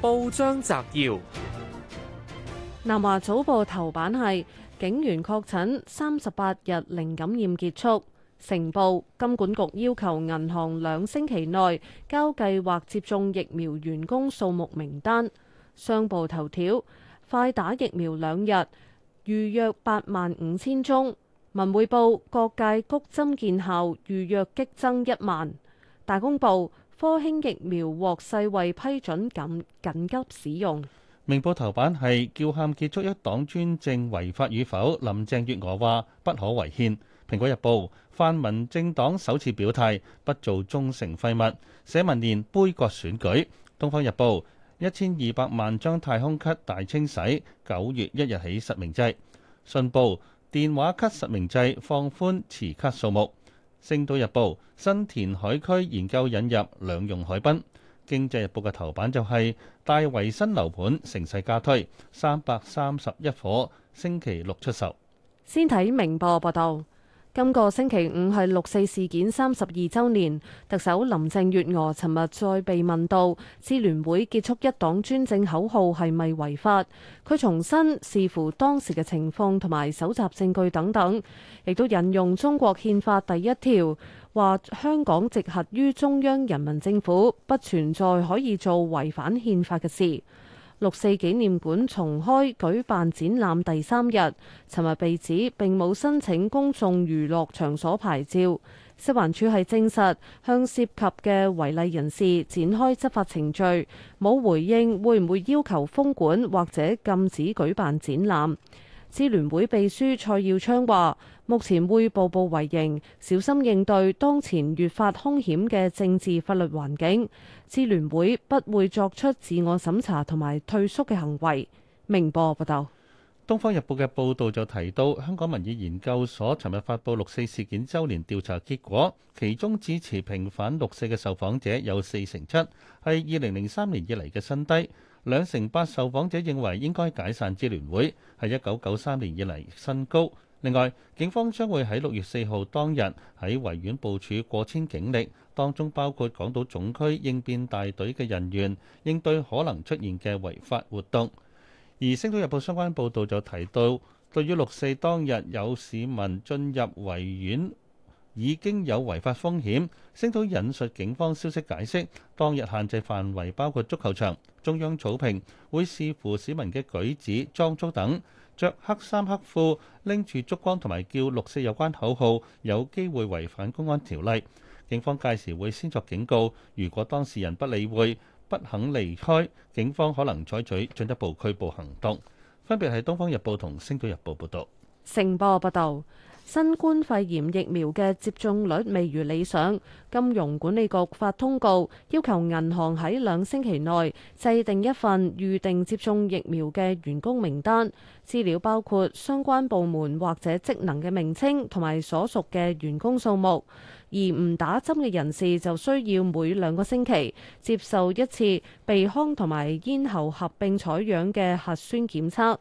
報章摘要：南華早報頭版係警員確診三十八日零感染結束。成報：金管局要求銀行兩星期內交計劃接種疫苗員工數目名單。商報頭條：快打疫苗兩日預約八萬五千宗。文匯報：各界谷針見效預約激增一萬。大公報科興疫苗獲世衛批准緊緊急使用。明報頭版係叫喊結束一黨專政違法與否，林鄭月娥話不可違憲。蘋果日報泛民政黨首次表態，不做忠誠廢物。社民連杯葛選舉。東方日報一千二百萬張太空卡大清洗，九月一日起實名制。信報電話卡實名制放寬持卡數目。星島日報，新填海區研究引入兩用海濱，經濟日報嘅頭版就係大圍新樓盤盛世加推三百三十一伙，星期六出售。先睇明報報道。今個星期五係六四事件三十二週年，特首林鄭月娥尋日再被問到，支聯會結束一黨專政口號係咪違法？佢重申視乎當時嘅情況同埋搜集證據等等，亦都引用中國憲法第一條，話香港直轄於中央人民政府，不存在可以做違反憲法嘅事。六四紀念館重開舉辦展覽第三日，尋日被指並冇申請公眾娛樂場所牌照，食環署係證實向涉及嘅違例人士展開執法程序，冇回應會唔會要求封館或者禁止舉辦展覽。支聯會秘書蔡耀昌話：目前會步步為營，小心應對當前越發兇險嘅政治法律環境。支聯會不會作出自我審查同埋退縮嘅行為。明報報道，《東方日報》嘅報導就提到，香港民意研究所尋日發布六四事件周年調查結果，其中支持平反六四嘅受訪者有四成七，係二零零三年以嚟嘅新低。兩成八受訪者認為應該解散支聯會，係一九九三年以嚟新高。另外，警方將會喺六月四號當日喺維園部署過千警力，當中包括港島總區應變大隊嘅人員，應對可能出現嘅違法活動。而《星島日報》相關報導就提到，對於六四當日有市民進入維園。已經有違法風險，星島引述警方消息解釋，當日限制範圍包括足球場、中央草坪，會視乎市民嘅舉止、裝束等，着黑衫黑褲、拎住燭光同埋叫六四有關口號，有機會違反公安條例。警方屆時會先作警告，如果當事人不理會、不肯離開，警方可能採取進一步拘捕行動。分別係《東方日報》同《星島日報》報導。成報報道。新冠肺炎疫苗嘅接種率未如理想，金融管理局發通告要求銀行喺兩星期內制定一份預定接種疫苗嘅員工名單，資料包括相關部門或者職能嘅名稱同埋所屬嘅員工數目，而唔打針嘅人士就需要每兩個星期接受一次鼻腔同埋咽喉合併採樣嘅核酸檢測。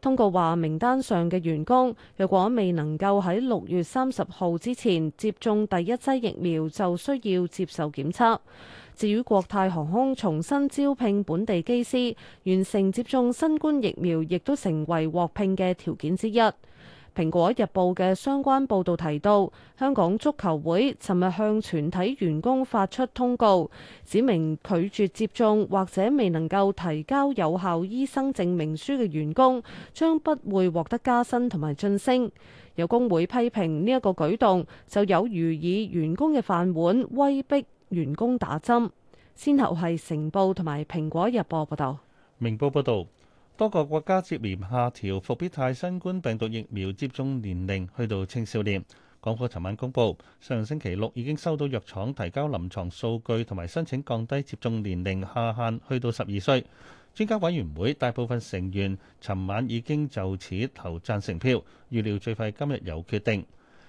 通告話，名單上嘅員工若果未能夠喺六月三十號之前接種第一劑疫苗，就需要接受檢測。至於國泰航空重新招聘本地機師，完成接種新冠疫苗亦都成為獲聘嘅條件之一。《蘋果日報》嘅相關報道提到，香港足球會尋日向全體員工發出通告，指明拒絕接種或者未能夠提交有效醫生證明書嘅員工，將不會獲得加薪同埋晉升。有工會批評呢一個舉動，就有如以員工嘅飯碗威逼員工打針。先後係《成報》同埋《蘋果日報》報道，《明報》報道。多個國家接連下調復必泰新冠病毒疫苗接種年齡，去到青少年。港府尋晚公布，上星期六已經收到藥廠提交臨床數據同埋申請降低接種年齡下限，去到十二歲。專家委員會大部分成員尋晚已經就此投贊成票，預料最快今日有決定。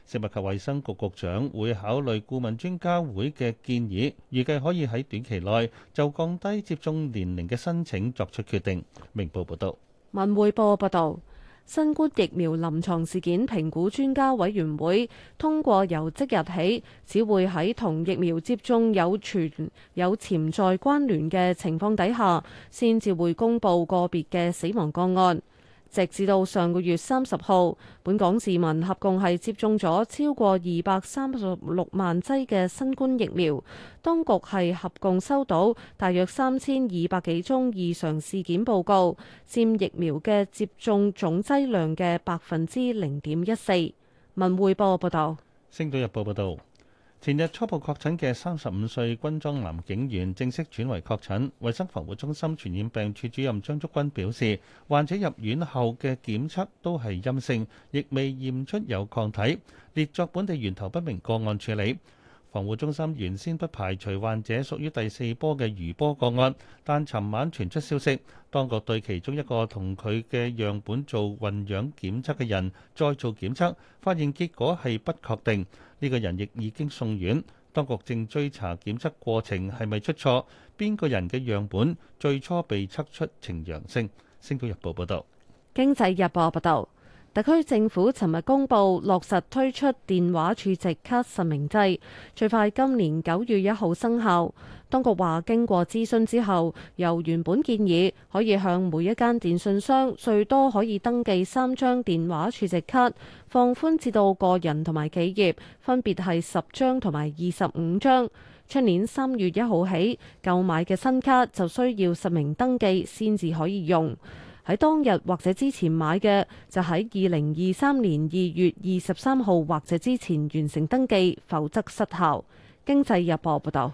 食物及衛生局局長會考慮顧問專家會嘅建議，預計可以喺短期內就降低接種年齡嘅申請作出決定。明報報道。文匯報報道，新冠疫苗臨床事件評估專家委員會通過，由即日起，只會喺同疫苗接種有存有潛在關聯嘅情況底下，先至會公佈個別嘅死亡個案。直至到上個月三十號，本港市民合共係接種咗超過二百三十六萬劑嘅新冠疫苗。當局係合共收到大約三千二百幾宗異常事件報告，佔疫苗嘅接種總劑量嘅百分之零點一四。文匯報報道。星島日報報道。前日初步確診嘅三十五歲軍裝男警員正式轉為確診。衞生防護中心傳染病處主任張竹君表示，患者入院後嘅檢測都係陰性，亦未驗出有抗體，列作本地源頭不明個案處理。防護中心原先不排除患者屬於第四波嘅餘波個案，但尋晚傳出消息，當局對其中一個同佢嘅樣本做混養檢測嘅人再做檢測，發現結果係不確定。呢、這個人亦已經送院，當局正追查檢測過程係咪出錯，邊個人嘅樣本最初被測出呈陽性。星島日報報道，經濟日報報道。特區政府尋日公布，落實推出電話儲值卡實名制，最快今年九月一號生效。當局話，經過諮詢之後，由原本建議可以向每一間電訊商最多可以登記三張電話儲值卡，放寬至到個人同埋企業分別係十張同埋二十五張。出年三月一號起，購買嘅新卡就需要實名登記先至可以用。喺當日或者之前買嘅就喺二零二三年二月二十三號或者之前完成登記，否則失效。經濟日報報導。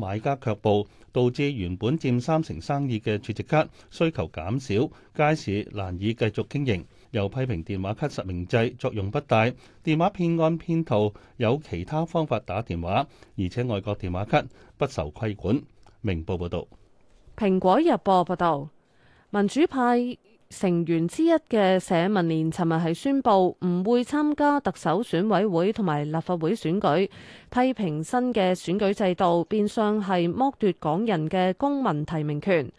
買家卻步，導致原本占三成生意嘅儲值卡需求減少，街市難以繼續經營。又批評電話卡實名制作用不大，電話騙案騙徒有其他方法打電話，而且外國電話卡不受規管。明報報道，蘋果日報報道，民主派。成員之一嘅社民連尋日係宣布唔會參加特首選委會同埋立法會選舉，批評新嘅選舉制度變相係剝奪港人嘅公民提名權。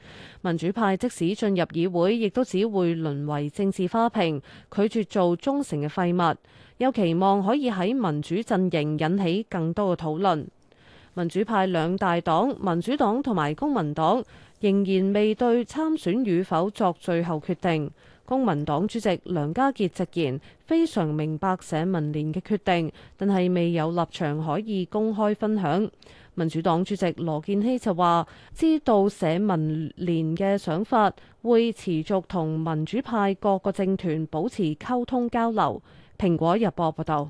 民主派即使進入議會，亦都只會淪為政治花瓶，拒絕做忠誠嘅廢物。有期望可以喺民主陣營引起更多嘅討論。民主派兩大黨，民主黨同埋公民黨。仍然未對參選與否作最後決定。公民黨主席梁家傑直言非常明白社民連嘅決定，但係未有立場可以公開分享。民主黨主席羅健熙就話，知道社民連嘅想法，會持續同民主派各個政團保持溝通交流。《蘋果日報》報道，《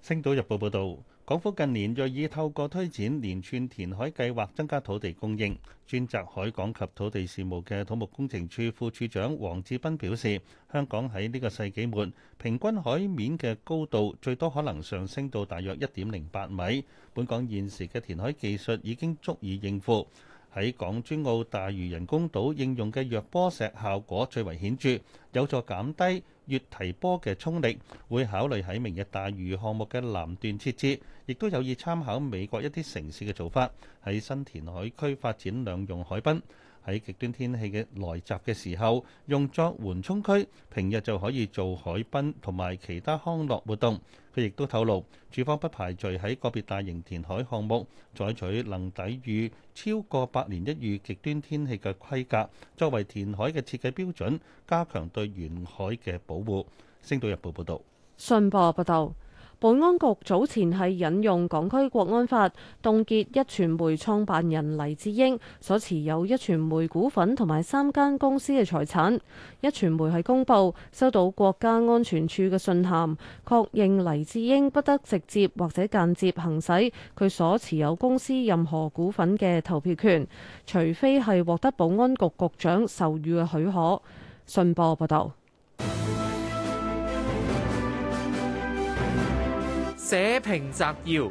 星島日報》報道。港府近年銳意透過推展連串填海計劃增加土地供應，專責海港及土地事務嘅土木工程署副署長黃志斌表示，香港喺呢個世紀末平均海面嘅高度最多可能上升到大約一點零八米。本港現時嘅填海技術已經足以應付。喺港珠澳大魚人工島應用嘅弱波石效果最為顯著，有助減低越堤波嘅衝力，會考慮喺明日大嶼項目嘅南段設置，亦都有意參考美國一啲城市嘅做法，喺新田海區發展兩用海濱。喺極端天氣嘅來襲嘅時候，用作緩衝區；平日就可以做海濱同埋其他康樂活動。佢亦都透露，處方不排除喺個別大型填海項目採取能抵禦超過百年一遇極端天氣嘅規格，作為填海嘅設計標準，加強對沿海嘅保護。星島日報報道。信報報道。保安局早前係引用港區國安法，凍結壹傳媒創辦人黎智英所持有壹傳媒股份同埋三間公司嘅財產。壹傳媒係公佈收到國家安全處嘅信函，確認黎智英不得直接或者間接行使佢所持有公司任何股份嘅投票權，除非係獲得保安局局長授予嘅許可。信報報道。寫評摘要。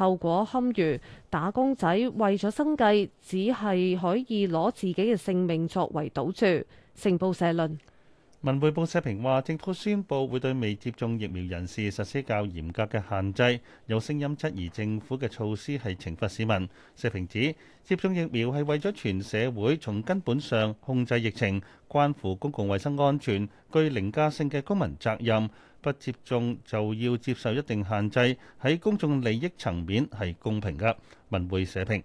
後果堪虞，打工仔為咗生計，只係可以攞自己嘅性命作為賭注，成報社論。文匯報社評話，政府宣布會對未接種疫苗人士實施較嚴格嘅限制，有聲音質疑政府嘅措施係懲罰市民。社評指接種疫苗係為咗全社會從根本上控制疫情，關乎公共衛生安全，具凌駕性嘅公民責任。不接種就要接受一定限制，喺公眾利益層面係公平噶。文匯報社評。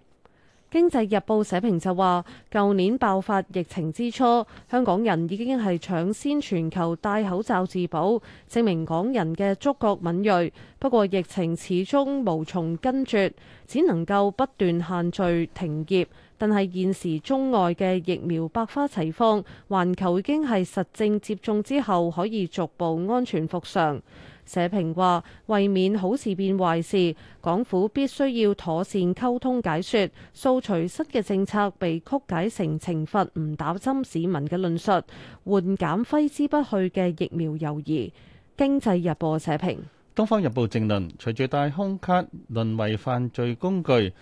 經濟日報社評就話，舊年爆發疫情之初，香港人已經係搶先全球戴口罩自保，證明港人嘅觸覺敏銳。不過，疫情始終無從根絕，只能夠不斷限聚停業。但係現時中外嘅疫苗百花齊放，環球已經係實證接種之後可以逐步安全復常。社評話：為免好事變壞事，港府必須要妥善溝通解説，掃除新嘅政策被曲解成懲罰唔打針市民嘅論述，緩減揮之不去嘅疫苗猶疑。經濟日報社評，《東方日報》正論：隨住太空卡淪為犯罪工具。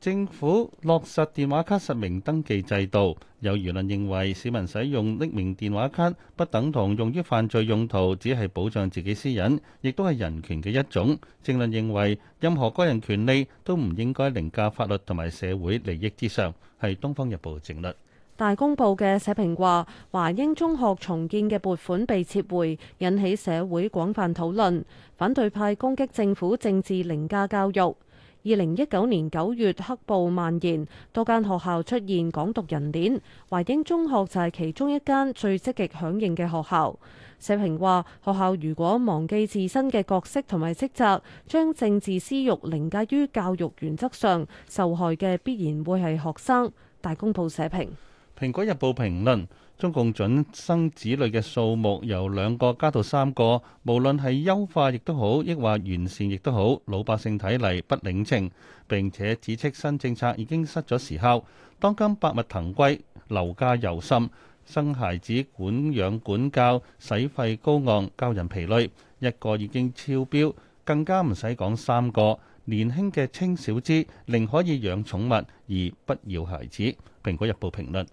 政府落實電話卡實名登記制度，有輿論認為市民使用匿名電話卡不等同用於犯罪用途，只係保障自己私隱，亦都係人權嘅一種，政論認為任何個人權利都唔應該凌駕法律同埋社會利益之上。係東方日報正論。大公報嘅社評話：華英中學重建嘅撥款被撤回，引起社會廣泛討論，反對派攻擊政府政治凌駕教育。二零一九年九月，黑暴蔓延，多間學校出現港獨人鏈，華英中學就係其中一間最積極響應嘅學校。社評話，學校如果忘記自身嘅角色同埋職責，將政治私欲凌駕於教育原則上，受害嘅必然會係學生。大公報社評，《蘋果日報》評論。中共准生子女嘅數目由兩個加到三個，無論係優化亦都好，抑或完善亦都好，老百姓睇嚟不領情。並且指斥新政策已經失咗時效。當今百物騰貴，樓價又深，生孩子管養管教，使費高昂，教人疲累。一個已經超標，更加唔使講三個。年輕嘅青少資，寧可以養寵物而不要孩子。《蘋果日報》評論。